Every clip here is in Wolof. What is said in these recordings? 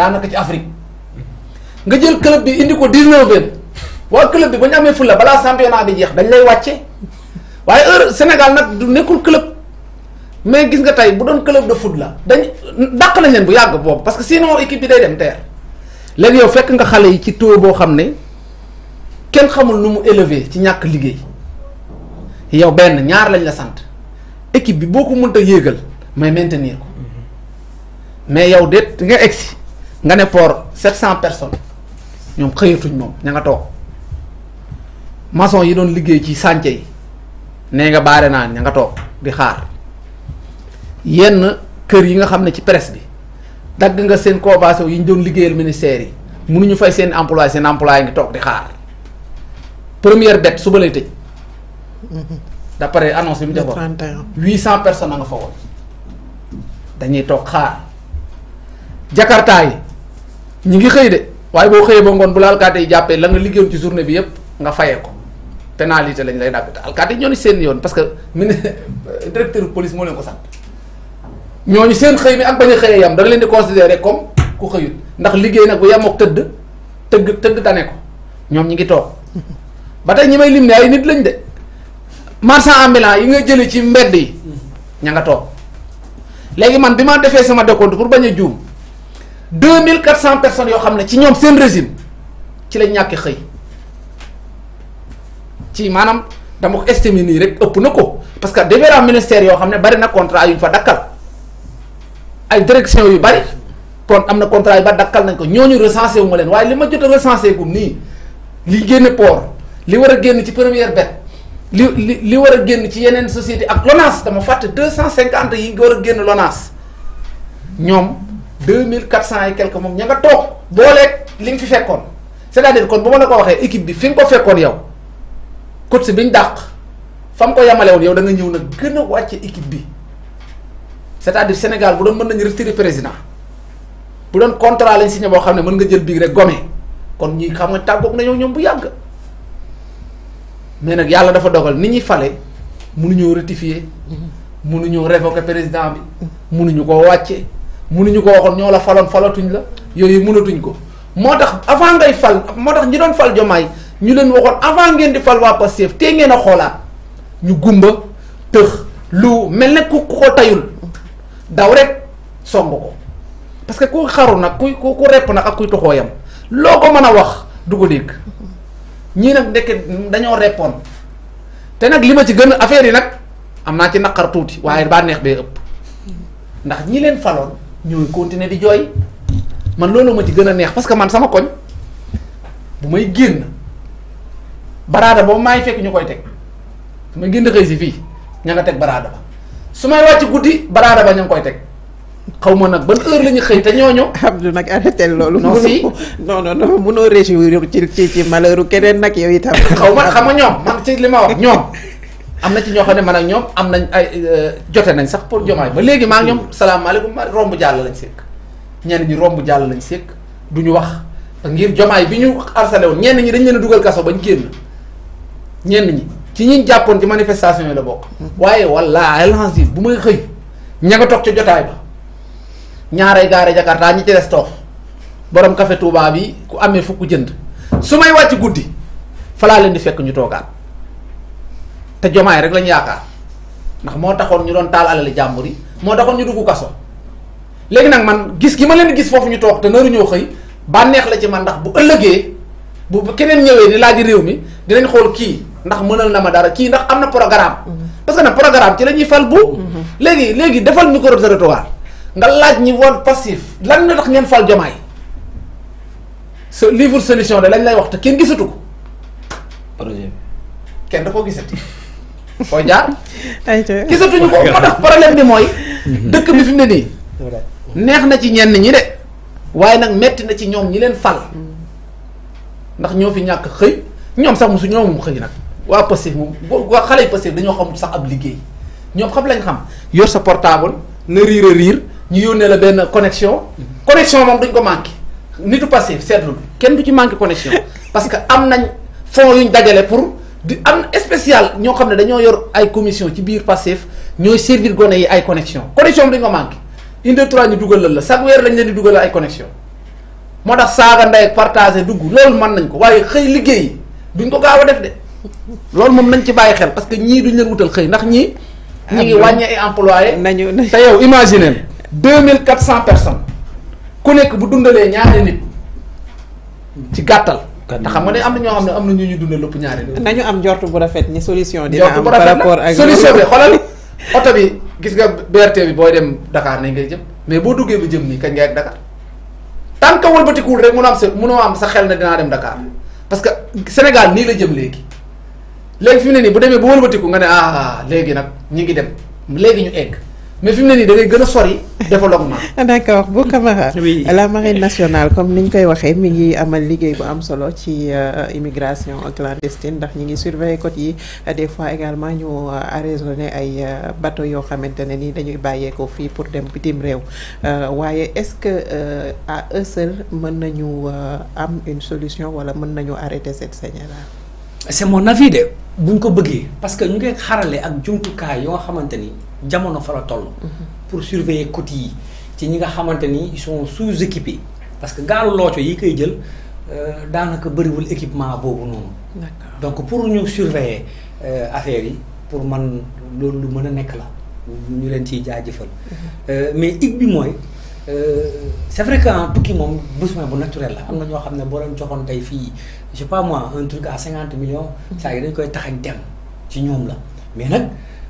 daanaka ci Afrique nga jël club bi indi ko 19 waa club bi ba ñu amee fulla balaa championnat bi jeex dañ lay wàcce waaye heure Sénégal nag du nekkul club mais gis nga tey bu doon club de foot la dañ dàq nañ leen bu yàgg boobu parce que sinon équipe bi day dem teer léegi yow fekk nga xale yi ci taux boo xam ne kenn xamul nu mu élevé ci ñàkk liggéey yow benn ñaar lañ la sant équipe bi boo ko mënta yéegal mais maintenir ko mm-hmm. mais yow déet nga egsi nga ne for 700 personnes ñom xeyatuñ mom ñanga tok maçon yi doon liggéey ci santé yi nee nga baare naa ñanga tok di xaar yenn kër yi nga xam ci presse bi dag nga seen convention yi ñu doon liggéeyal ministère yi mënuñu fay seen emploi seen emploi ngi tok di xaar première bête suba lay da paré annonce bi defo 800 personnes nga fa woon dañuy tok xaar jakarta yi ñi ngi xëy de waaye boo xëyee ba ngoon bu la alkaate yi jàppee la nga liggéeyoon ci journée bi yépp nga fayee ko pénalité lañ lay dàgg te alkaate yi ñoo ni seen yoon parce que mine directeur police moo leen ko sant ñooñu seen xëy mi ak bañ a xëyee yam da nga leen di considérer comme ku xëyut ndax liggéey nag bu yemook tëdd tëgg tëgg tane ko ñoom ñi ngi toog ba tey ñi may lim ne ay nit lañ de marchand ambulant yi nga jëlee ci mbedd yi ña nga toog léegi man bi ma defee sama décompte pour bañ a juum deux mille quatre cent personne yoo xam ne ci ñoom seen régime ci lañ ñàkk xëy ci maanaam dama ko estimé nii rek ëpp na ko parce que différents ministères yoo xam ne bari na contrat yu fa dakkal ay direction yu bari kon am na contrat yu ba dakkal nañ ko ñooñu recensé wu ma leen waaye li ma jot a recensé gum nii li génn port li war a génn ci première bet li li li war a génn ci yeneen société ak LONASE dama fàtte deux cent cinquante yi war a génn LONASE ñoom. deux mille quatre cent et quelque moom ña nga toog booleeg li nga fi fekkoon cest à kon bu ma la ko waxee équipe bi fi nga ko fekkoon yow coach bi ñu dàq fa mu ko yemale woon yow da nga ñëw nag gën a wàcce équipe bi c'est-à-dire Sénégal bu doon mën nañu retirer président bu doon contrat lañ signé boo xam ne mën nga jël bii rek gome kon ñi xam nga tàggoog nañoo ñoom bu yàgg mais nag yàlla dafa dogal ni ñuy fale mënuñoo rectifier mm-hmm. mënuñoo révoquer président bi mm-hmm. mënuñu ko wàcce munuñu ko waxon ñola falon faloon falatuñ la yo mënatuñ ko motax avangai avant ngay fal motax ñi doon fal jomay ñu leen waxon avant ngeen di fal wa passef te ngeen a ñu gumba teux lu melne ku ko tayul daw rek sombo ko parce que ku xaru nak ku ku rep nak ak ku toxo yam loko mën wax du ko deg ñi nak ndekk dañoo répondre té nak lima ci gën affaire yi nak amna ci nakar waye ba neex be ëpp ndax ñi leen falon ñooy continuer di jooy man loolu ma ci gën a neex parce que man sama koñ bu may génn baraada boobu maay fekk ñu koy teg su may génn xëy si fii ña nga teg baraada ba su may wàcc guddi baraada ba ña ngi koy teg xaw ma nag ban heure la ñu xëy te ñooñu. Abdou nag arrêté loolu. non si non non non mënoo réjouir ci ci ci malheuru keneen nag yow itam. xaw ma xam nga ñoom man ci li ma wax ñoom. am na ci ñoo xam ne man ak ñoom am nañ ay euh, jote nañ sax pour jomaay ba léegi maa ñoom salaamaaleykum ma romb jàll lañ sékk ñenn ñi romb jàll lañ sékk du ñu wax ngir jomaay bi ñu arsalé woon ñenn ñi dañ leen a dugal kaso bañ génn ñi ci ñi jàppoon ci manifestation yi la bokk. Mm-hmm. waaye walla yi bu may xëy ña nga toog ca jotaay ba ñaaray gaare Jakarta ñi ci des toog boroom café Touba bi ku amee fukk jënd su may wàcc guddi falaa leen di fekk ñu toogaat. te jomaay rek lañu yaakaar ndax moo taxoon ñu doon taal alali jàmbur yi moo taxoon ñu dugg kaso léegi nag man gis gi ma leen gis foofu ñu toog te naruñoo xëy bànneex la ci man ndax bu ëllëgee bu keneen ñëwee di laaj réew mi dinañ xool kii ndax mënal na ma dara kii ndax am na programme. Mm-hmm. parce que nag programme ci la ñuy fal bu. Mm-hmm. léegi léegi defal micro territoire nga laaj ñi woon passif lan la tax ngeen fal jomaay so livre solution de lañ lay wax te kenn gisatu ko. projet bi kenn da fooy jaar. ayca gisatuñu ko moo tax problème bi mooy. dëkk bi fi mu ne nii. neex na ci ñenn ñi de waaye nag metti na ci ñoom ñi leen fal. ndax ñoo fi ñàkk xëy ñoom sax mu su moom xëy nag waa Pastef moom boo waa xale Pastef dañoo xam sax ab liggéey ñoom xam lañ xam yor sa portable na riir a riir ñu yónnee la benn connexion. connexion moom duñ ko manqué nitu Pastef seetlu kenn du ci manqué connexion parce que am nañ fonds yuñ dajale pour. di am spécial ñoo xam dañoo yor ay commission ci biir passif ñoy servir goné yi ay connexion connexion bi dañ ko manqué une deux trois ñu duggal la chaque weer lañ leen di duggal ay connexion moo tax saaga ndey partager dugg loolu man nañ ko waye xey liggéey duñ ko gaaw def de lool mom nañ ci bàyyi xel parce que ñi duñ leen wutal xey ndax ñi ñi ngi wàññi ay employé nañu te yow imaginer 2400 personnes ku nekk bu dundalé ñaari nit ci gattal te xam nga ne am na ñoo xam ne am na ñu ñu dundal lépp ñaari nañu am njort bu rafet ni solution. dina am par rapport ak solution bi xoolal oto bi gis nga BRT bi booy dem Dakar nañ ngay jëm mais boo duggee ba jëm nii kañ nga ak Dakar tant war wëlbatikuwul rek mënoo am sa mënoo am sa xel ne dinaa dem Dakar parce que Sénégal nii la jëm léegi léegi fi mu ne nii bu demee ba wëlbatiku nga ne ah léegi nag ñi ngi dem léegi ñu egg mais fi mu ne nii da gën a sori développement. Ah, d' accord bu Camara. Oui. la marine nationale comme ni ñu koy waxee mi ngi amal liggéey bu am solo ci euh, immigration clandestine ndax ñi ngi surveiller côte yi euh, des fois également ñu euh, arraisonné ay bateau yoo xamante ne ni dañuy bàyyeekoo fii pour dem bitim réew waaye est ce que euh, à eux seuls mën nañu am une solution wala mën nañu arrêter cette saignée là. c' est de buñ ko bëggee parce que ñu ngi xarale ak jumtukaay yoo xamante ni. jamono fa la toll. pour surveiller côté yi ci ñi nga xamante ils sont sous-équipés parce que gaalu locho yi kay jël euh daanaka bëriwul équipement bobu non d'accord donc pour ñu surveiller euh affaire yi pour man loolu mëna nek la ñu leen jaajeufal mhm. euh mais ig bi euh c'est vrai que en tukki mom besoin bu naturel la amna na ñoo bo leen joxone tay fi je sais pas moi un truc à 50 millions. Mhm. saa yi dañ koy taxañ dem ci ñoom la mais nak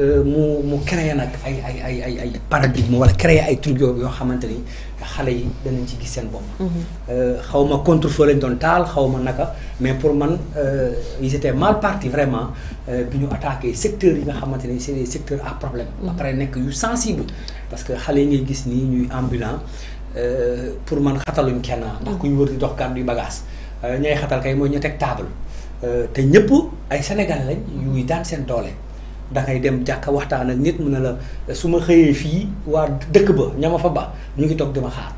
Euh, mu mu créer nag ay ay ay ay ay paradigme wala créer ay truc yoo xamante ni xale yi danañ ci gis seen bopp. Mhm. Euh, xaw ma contre feu lañ doon taal xaw ma naka mais pour man euh, ils étaient mal partis vraiment bi ñu attaqué secteurs yi nga xamante ni c'est des secteurs à problème. Mhm. après nekk yu sensible parce que xale yi ngay gis nii ñuy ambulant pour man xataluñ kenn ndax mhm. ku ñu wër di dox gàddu yu bagage ñay xatal kay mooy ñu teg table te ñëpp ay sénégal lañ yuy daan seen doole. da ngay dem jàkka waxtaan ak nit mu ne la su ma xëyee fii waa dëkk ba ñama fa ba ñu ngi toog dama xaar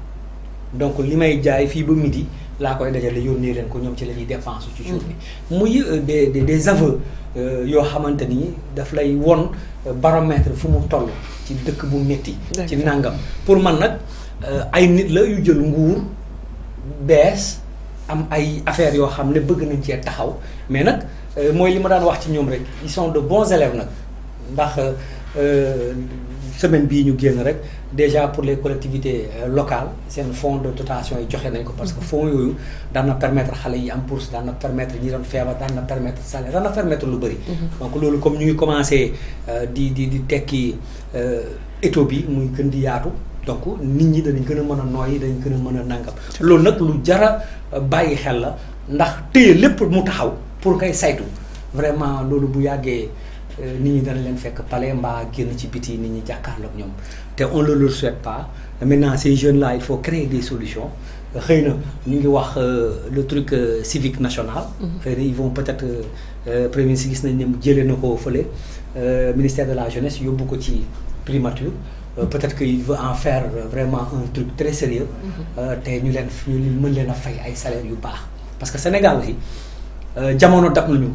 donc li may jaay fii ba midi laa koy dajale yónnee leen ko ñoom ci la ñuy dépense ci jour bi mm. muy euh, des des aveux euh, yoo xamante ni daf lay won euh, baromètre fu mu toll ci dëkk bu métti ci nàngam pour man nag ay nit la yu jël nguur bees am ay affaires yoo xam ne bëgg nañ cee taxaw mais nag mooy li ma daan wax ci ñoom rek ils sont de bon élèves nag ndax euh, semaine ñu déjà pour les collectivités euh, locales un fonds de dotation parce que mm-hmm. fonds yooyu permettre xale yi bourse permettre ñi permettre permettre lu mm-hmm. donc comme ñu ngi commencé euh, di di di bi muy donc nit ñi nangam jara xel la ndax mu taxaw pour vraiment loolu bu euh, nit ñi dana leen fekk palais mbaa génn ci biti nit ñi jàkkaarloog ñoom te on le le souhaite pas maintenant ces jeunes là il faut créer des solutions xëy na ñu ngi wax euh, le truc euh, civique national. Mhm. xëy na ils vont peut-être premier ministre gis nañ ne jëlee na ko fële ministère de la jeunesse yóbbu ko ci primature. peut-être que il veut en faire vraiment un truc très sérieux mhm. te ñu leen ñu mën leen a fay ay salaire yu baax parce que Sénégal yi jamono dab nañu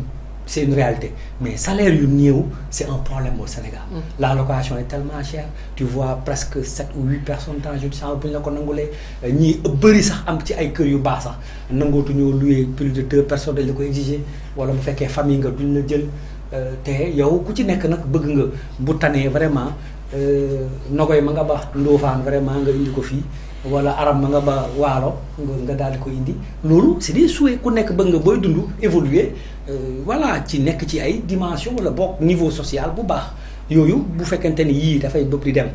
c'est une réalité. Mais salaire c'est un problème au Sénégal. Mm. La location est tellement chère. Tu vois presque 7 ou 8 personnes dans une chambre pour les Ni a sax am ci ay ont yu sax tu louer plus de deux personnes wala des famille nga duñ la jël euh, yow ku ci nek bëgg nga bu vraiment euh, nogoy ma nga vraiment nga indi ko wala arab ma nga ba waalo nga daal di ko indi loolu c'est des souhaits ku nekk bëgg nga booy dund évoluer euh, voilà ci nekk ci ay dimension wala bokk niveau social bu baax yooyu bu fekkente ni yii dafay bëpp di dem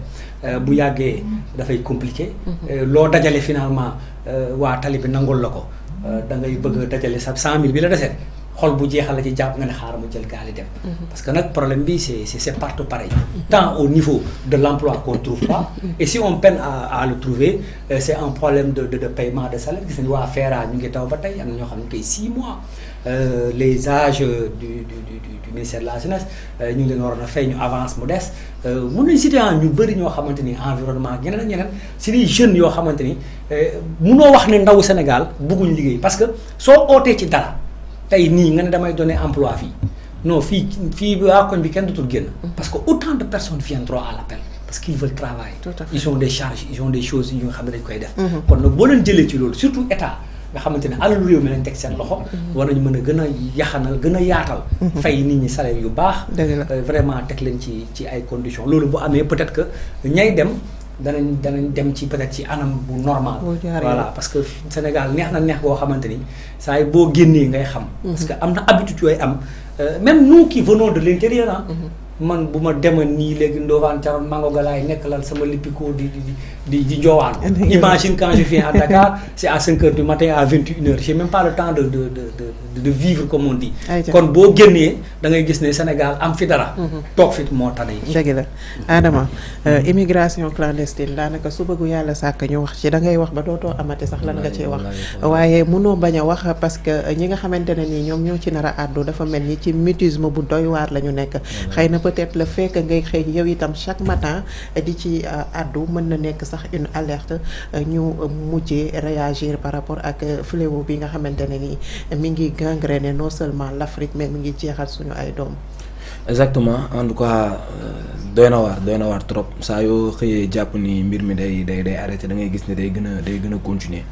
euh, bu yàggee dafay compliqué mm-hmm. euh, loo dajale finalement waa tali bi nangul la ko da ngay bëgg a dajale sa cent mille bi la desee xol bu jeexal ci jàpp nga ne xaaral ma jël gaal yi dem. Mhm. parce que nag problème bi c' est c' est partout pareil. tant au niveau de l' emploi qu' on trouve pas. Mhm. et si on peine à à le trouver euh, c' est un problème de de de paiement de salaire gis nañu waa FERA ñu ngi taw ba tey am na ñoo xam ne kay 6 mois. Euh, les âges du du du du ministère de la jeunesse euh, ñu ngi leen waroon a fay ñu avance mu des mun nañu citer ah ñu bëri ñoo xamante ni environnement ak ñeneen ak ñeneen si les jeunes yoo xamante ni munoo wax ne ndaw Sénégal bëgguñu liggéey parce que soo ootee ci dara tay ni nga ne damay emploi vie. non fi fille bi mm. parce que autant de personnes droit à l'appel parce qu'ils veulent travailler. ils ont des charges ils ont des choses ils xam dañ koy def. Mm-hmm. kon surtout état. nga mi lañ loxo. Mm-hmm. yaxanal yaatal. Mm-hmm. fay nit ñi salaire yu euh, vraiment leen ci ci ay conditions peut-être que ñay danañ danañ dem ci peut être ci anam bu normal voilà parce que sénégal neex na neex boo xamante ni saa boo génnee ngay xam mhm. parce que am na habitude yooyu am même eh, nous qui venons de l'intérieur ah mhm man buma dem ni legui léegi ndoofaan mango galay nek lan sama lippikoo di di di di njoowaan imagine quand je viens à Dakar c'est à 5 h du matin à 21 h j'ai même pas le temps de de de de, de vivre comme on dit kon bo génnee da ngay gis né Sénégal am fi dara mhm. tok fit mo tané dëgg la Adama euh, immigration clandestine daanaka su bëggu yalla sak ñu wax ci da ngay wax ba doto amaté sax lan nga ci wax wayé mëno baña wax parce que euh, ñi nga xamante ne ñoo ci nara addu dafa melni ci mutisme bu doy war lañu nek xeyna peut-être le fait que ngay xey yow itam chaque matin euh, di ci euh, addu mën na nekk sax une alerte euh, ñu mujjee réagir par rapport ak fléau bi nga xamante ni, mi ngi gangréner non seulement l'Afrique mais mi ngi jéxal suñu ay doom. exactement en tout cas doy na waar doy na trop ça yo xëyee japp ni mbir mi day day day arrêté da ngay gis ne day gëna day gëna continuer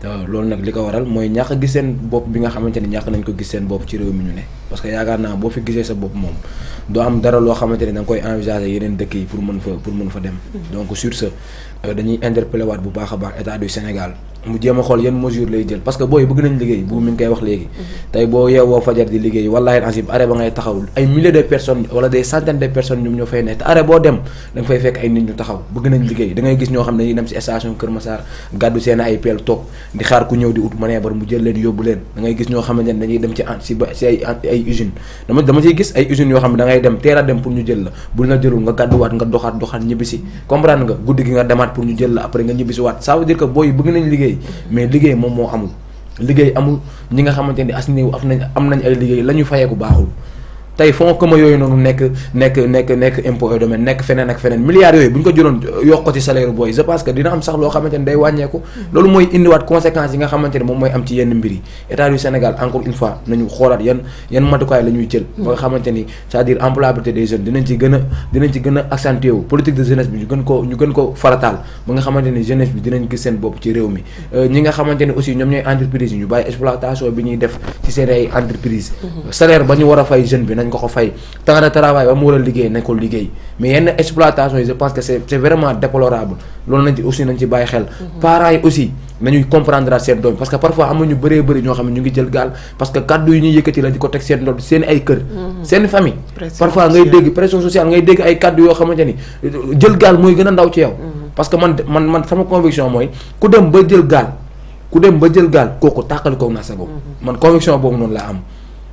te loolu nag li waral moy ñàkk a gis seen bopp bi nga xamante ne ñàkk nañ ko gis seen bopp ci rew mi ñu ne parce que yaakaar naa bo fi gisee sa bopp moom doo am dara lo xamanteni dang koy envisager yeneen dëkk yi pour mën fa pour mën fa dem hmm. donc sur ce euh, dañuy interpeller waat bu baax a baax état du Sénégal mu jema xol yeen mesure lay jël parce que boy bëgg nañ liggéey bu mi ngi koy wax tay bo yow wo fajar di liggéey wallahi asib arrêt ba ngay taxaw ay milliers de personnes wala des centaines de personnes ñum ñoo fay nekk te arrêt bo dem da fay fekk ay nit ñu taxaw bëgg nañ liggéey da ngay gis ñoo xamne ñi dem si station keur Massar gaddu seen ay pel tok di xaar ku ñew di ut bar mu jël leen yobul leen da ngay gis ñoo xamne dañuy dem ci ci si ay ay usine dama dama ci gis ay usine yo xamne da ngay dem téra dem pour ñu jël la bu la jëlul nga gàdduwaat nga doxat doxaat ñibisi comprendre nga guddigi nga demat pour ñu jël la après nga ñibbisiwaat ça veut dire que boy bëgg nañ liggéey liggéey mais liggéey moom moo amul liggéey amul ñi nga xamante ni as néew af nañ am nañ ay liggéey la ñu fayeeku baaxul tay fonds comme yooyu noonu nek nek nek nek impôt de domaine nek fenen ak fenen milliards yooyu buñ ko jëloon yokk ci salaire boy je pense que dina am sax loo xamante ne day wàññeeku moy indi wat conséquences yi nga xamanteni mom moy am ci yenn mbiri état du Sénégal encore une fois nañu xolat yenn yenn matukaay la ñuy jël mm. ba nga xamanteni c'est-à-dire employabilité des jeunes dinañ ci gëna dinañ ci gëna accentuer wu politique de jeunesse bi ñu gën ko ñu gën ko faratal ba nga xamanteni jeunesse bi dinañ gis seen bop ci réew mi mm. euh, ñi nga xamanteni aussi ñom ñoy entreprise ñu bay exploitation bi ñuy def ci seen ay entreprise mm-hmm. salaire bañu wara fay jeune bi nañ nga ko fay temps de ba mu war a liggéey nekkul liggéey mais yenn exploitation yi que c'est c'est déplorable loolu nañ ci aussi nañ ci bàyyi xel mhm. parents yi aussi nañuy comprendre seen doom parce que parfois am na ñu bëree bëri ñoo xam ne ñu ngi jël gaal parce que kàddu yi ñuy yëkkati la di ko teg seen ndodd ay kër mhm. seen famille parfois ngay dégg pression sociale ngay dégg ay kàddu yoo xamante ni jël gaal mooy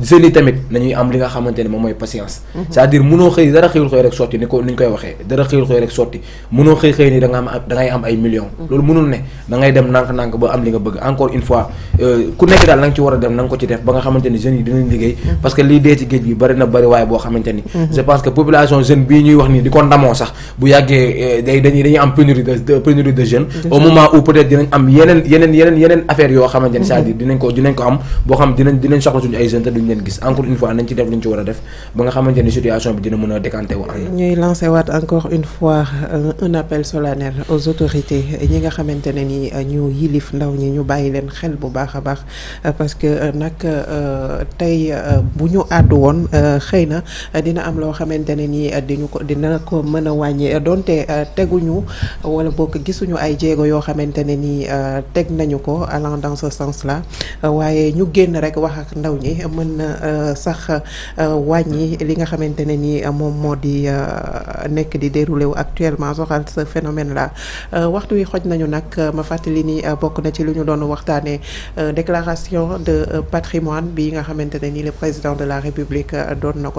jeunes yi tamit nañuy am li nga xamante ne mooy patience mhm. cest à ko am da ngay dinañ mhm. mhm. dinañ am yeneen yeneen yeneen yoo xamante ni dinañ ko am boo xam dinañ dinañ soxla suñu ay jeunes duñ leen gis encore une fois nañ ci def lu ñu ci war a def ba nga xamante ni situation bi dina mën a décanté wu ànd. ñuy lancé waat encore une fois euh, un appel solennel aux autorités ñi nga xamante ne nii euh, ñu yilif ndaw ñi ñu bàyyi leen xel bu baax a baax euh, parce que nag tey bu ñu àddu woon xëy na dina am loo xamante ne ni diñu ko dina ko mën a wàññi donte teguñu wala bokk gisuñu ay jéego yoo xamante ne ni teg nañu ko allant dans ce sens là waaye ñu génn rek wax ak ñi na euh, sax euh, wàññi li nga xamante ne ni euh, moom moo di nekk di déroulé wu actuellement soxal ce phénomène là waxtu wi xoj nañu nag ma fàttali ni bokk ci lu ñu doon déclaration de patrimoine bi nga xamante ni le président de la république doon